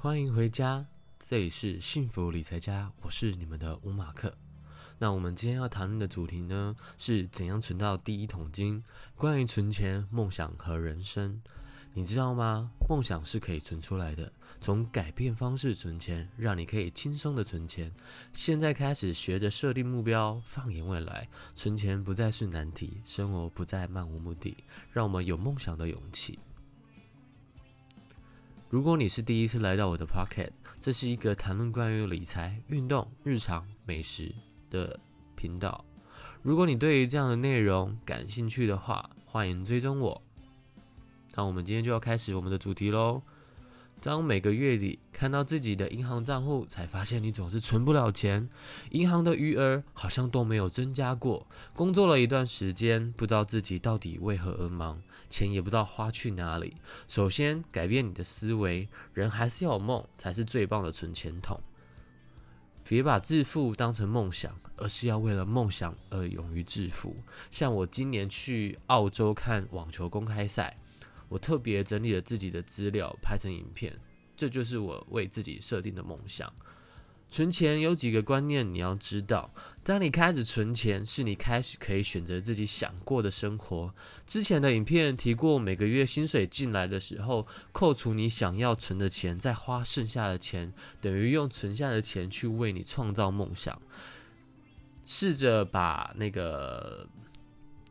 歡迎回家，這裡是幸福理財家，我是你們的烏馬克。那我們今天要談論的主題呢，是怎樣存到第一桶金？關於存錢、夢想和人生，你知道嗎？夢想是可以存出來的，從改變方式存錢，讓你可以輕鬆地存錢。現在開始學着設定目標，放眼未來，存錢不再是難題，生活不再漫無目的，讓我們有夢想的勇氣。如果你是第一次來到我的 Pocket，這是一個談論關於理財、運動、日常、美食的頻道。如果你對於這樣的內容感興趣的話，歡迎追蹤我。那我們今天就要開始我們的主題嘍。當每個月裡看到自己的銀行賬戶，才發現你總是存不了錢，銀行的餘額好像都沒有增加過。工作了一段時間，不知道自己到底為何而忙，錢也不知道花去哪裡。首先，改變你的思維，人還是要有夢，才是最棒的存錢桶。別把致富當成夢想，而是要為了夢想而勇於致富。像我今年去澳洲看網球公開賽。我特別整理了自己的資料，拍成影片，這就是我為自己設定的夢想。存錢有幾個觀念你要知道，當你開始存錢，是你開始可以選擇自己想過的生活。之前的影片提過，每個月薪水進來的時候，扣除你想要存的錢，再花剩下的錢，等於用存下的錢去為你創造夢想。試着把那個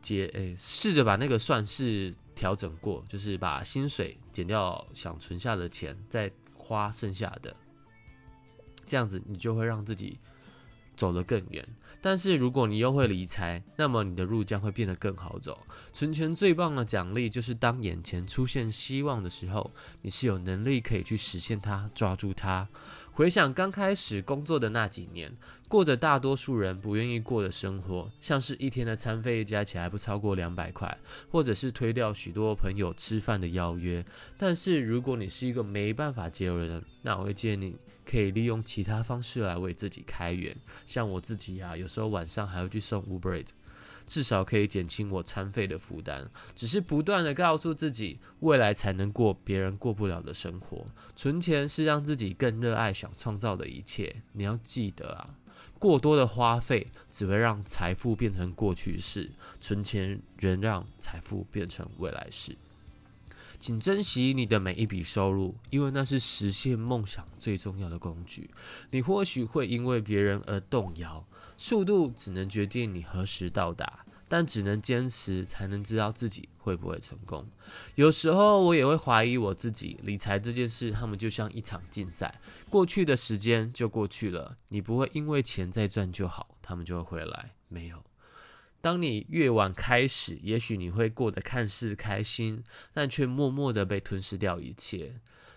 誒，試着把那個算式。調整過，就是把薪水減掉想存下的錢，再花剩下的，這樣子你就會讓自己走得更遠。但是如果你又會理財，那麼你的路將會變得更好走。存錢最棒的獎勵就是，當眼前出現希望的時候，你是有能力可以去實現它，抓住它。回想剛開始工作的那幾年，過着大多數人不願意過的生活，像是一天的餐費加起來不超過兩百塊，或者是推掉許多朋友吃飯的邀約。但是如果你是一個沒辦法節流的人，那我會建議你可以利用其他方式來為自己開源。像我自己啊，有時候晚上還要去送 Uber Eats。至少可以減輕我餐費的負擔，只是不斷地告訴自己，未來才能過別人過不了的生活。存錢是讓自己更熱愛、想創造的一切。你要記得啊，過多的花費只會讓財富變成過去式，存錢仍讓財富變成未來式。請珍惜你的每一筆收入，因為那是實現夢想最重要的工具。你或許會因為別人而動搖，速度只能決定你何時到達，但只能堅持才能知道自己會不會成功。有時候我也會懷疑我自己，理財這件事，他們就像一場競賽，過去的時間就過去了，你不會因為錢再賺就好，他們就會回來，沒有。當你越晚開始，也許你會過得看似開心，但卻默默的被吞噬掉一切。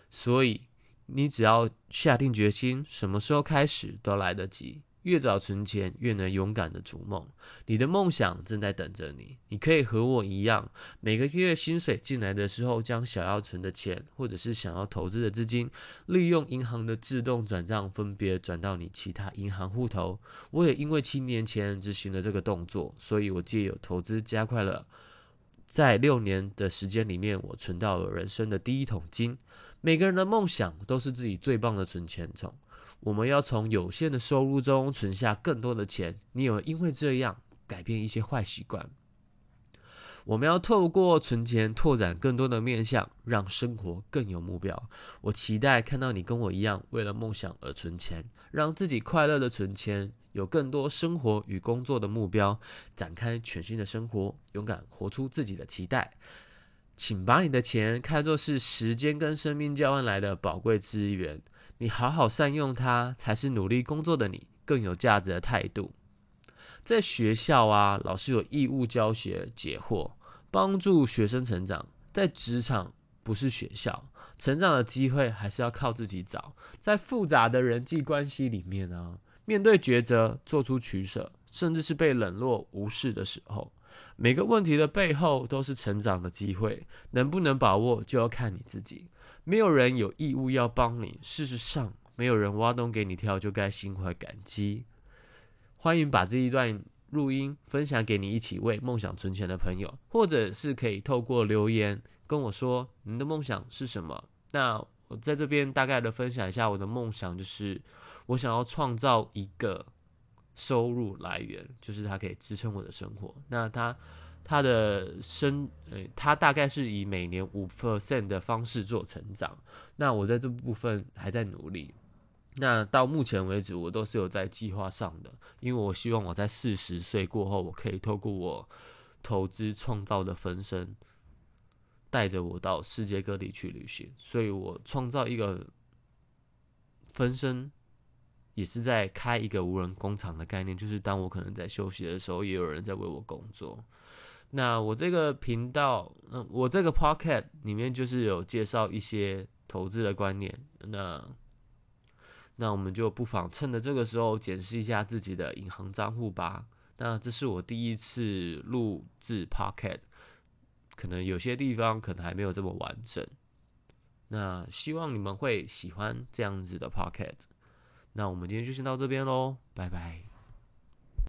所以，你只要下定決心，什麼時候開始都來得及。越早存錢，越能勇敢的逐夢。你的夢想正在等着你。你可以和我一樣，每個月薪水進來的時候，將想要存的錢，或者是想要投資的資金，利用銀行的自動轉賬，分別轉到你其他銀行戶頭。我也因為七年前執行了這個動作，所以我借有投資，加快了在六年的時間裡面，我存到了人生的第一桶金。每個人的夢想都是自己最棒的存錢我們要從有限的收入中存下更多的錢。你有因為這樣改變一些壞習慣？我們要透過存錢拓展更多的面向，讓生活更有目標。我期待看到你跟我一樣，為了夢想而存錢，讓自己快樂地存錢，有更多生活與工作的目標，展開全新的生活，勇敢活出自己的期待。請把你的錢看作是時間跟生命交換來的寶貴資源。你好好善用它，才是努力工作的你更有價值的態度。在學校啊，老師有義務教學解惑，幫助學生成長。在職場不是學校，成長的機會還是要靠自己找。在複雜的人際關係裡面啊，面對抉擇，做出取捨，甚至是被冷落、無視的時候。每個問題的背後都是成長的機會，能不能把握就要看你自己。沒有人有義務要幫你，事實上，沒有人挖洞給你跳，就該心懷感激。歡迎把這一段錄音分享給你一起為夢想存錢的朋友，或者是可以透過留言跟我說你的夢想是什麼？那我在這邊大概的分享一下我的夢想，就是我想要創造一個。收入來源，就是它可以支撐我的生活。那它、它的生，它、欸、它大概是以每年五 percent 的方式做成長。那我在這部分還在努力。那到目前為止，我都是有在計劃上的，因為我希望我在四十歲過後，我可以透過我投資創造的分身，帶着我到世界各地去旅行。所以我創造一個分身。也是在開一個無人工廠的概念，就是當我可能在休息的時候，也有人在為我工作。那我這個頻道，嗯，我這個 Pocket 裡面就是有介紹一些投資的觀念。那那我們就不妨趁着這個時候檢視一下自己的銀行賬戶吧。那這是我第一次錄制 Pocket，可能有些地方可能還沒有這麼完整。那希望你們會喜歡這樣子的 Pocket。那我們今天就先到這邊嘍，拜拜。